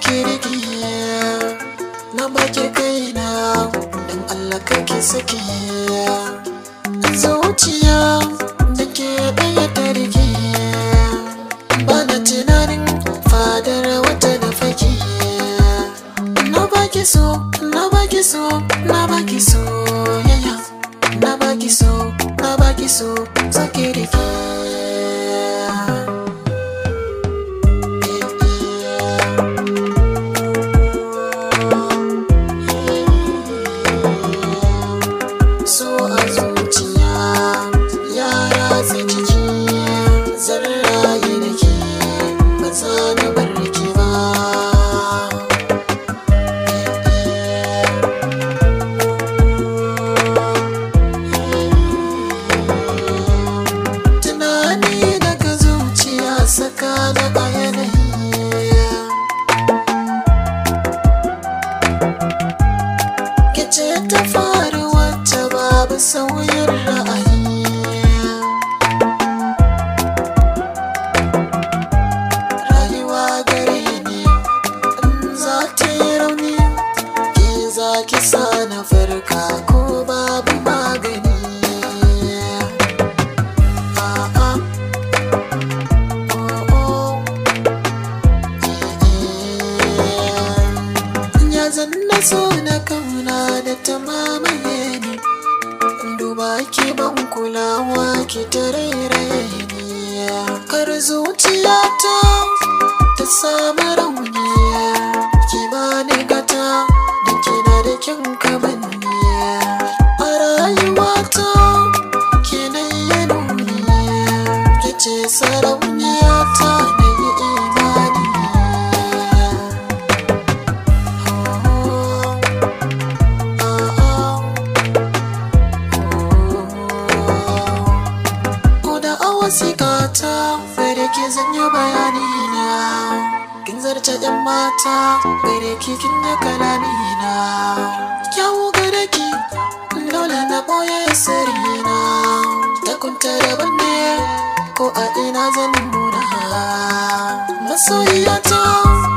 kirki na baki kaina don Allah kake saki zuciya da ke ɗaya ta rike ba na tunanin fadar wata da faki na baki so na baki so na baki so yaya na baki so na baki so sauyin ra'ayi rayuwa gare ni in za ta yi rauni ke za ki sa na farka ko babu magani a'a oh, oh, Zan na so na kauna da ta mamaye ni ki ban kulawa ki tarairaya kar zuciyata ta samu rauni ki ba ni gata da na da kyan kamani sikata fere ke zan yi bayani na kin zarce yan mata fere ke kin yi kalami na kyawu gare ki dole na boye sirri na ta kunta da ne ko a ina zan nuna masoyiya ta